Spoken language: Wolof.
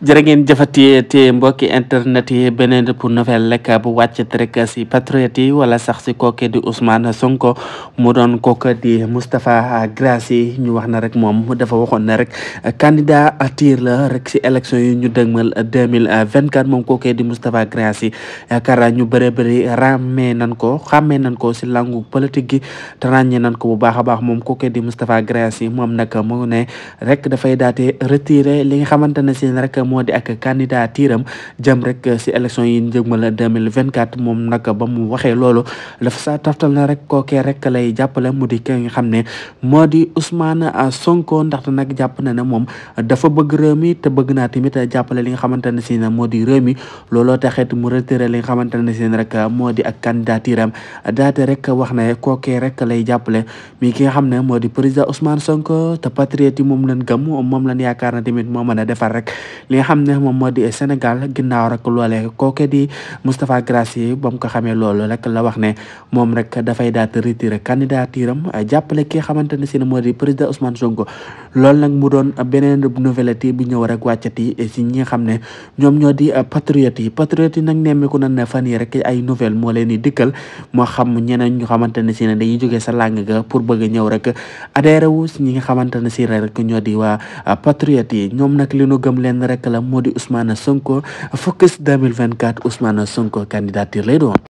jërë ngeen jëfatee te mbokki internet yi beneen pour nouvelle rek bu wàccet rek si patriote yi wala sax si kooke di Ousmane Sonko mu doon kooka di Moustapha Guirassy ñu wax na rek moom dafa waxoon na rek candidat attire la rek si élection yi ñu dëgmal deux mille vingt-quatre moom kooke di Moustapha Guirassy yaakaar ñu bëree bëri ràmmee nan ko xàmmee nan ko si langu politique gi te ràññee nan ko bu baax a baax moom kooke di Moustapha si moom nag mu ne rek dafay daate retirer li nga xamante ne rek. moo di ak candidature am jëm rek si élection yi vingt 2024 moom nag ba mu waxee loolo dafa sa taftal na rek kookee rek lay jàppale mu di ki nga xam ne moo di Ousmane Sonko ndaxte nag jàpp na ne moom dafa bëgg réew mi te bëgg naa tamit jàppale li nga xamante ne si ne moo di réew mi looloo taxit mu retiré li nga xamante ne si rek moo di ak candidature am rek wax na kookee rek lay jàppale mi ki nga xam ne moo di président Ousmane Sonko te patriote yi moom lañ gëm moom lañ yaakaar na tamit moo mën a defar rek nga xam ne moom moo di Sénégal ginnaaw rek loolee kooke di Moustapha Guirassy ba mu ko xamee loolu rek la wax ne moom rek dafay daal di retiré candidature am jàppale ki si ne moo di président Ousmane Sonko loolu nag mu doon beneen nouvelleti bu ñëw rek wàccati si ñi xam ne ñoom ñoo di patriotes yi patriotes yi nag nemmeeku nañ ne fan yi rek ay nouvelle moo leen di dikkal moo xam ñeneen ñu xamante ne si ne dañuy sa làng ga pour bëgg a ñëw rek adhéré wu si ñi nga xamante ne si rek la moo di Ousmane Sonko focus 2024 Ousmane Sonko candidature lay doon.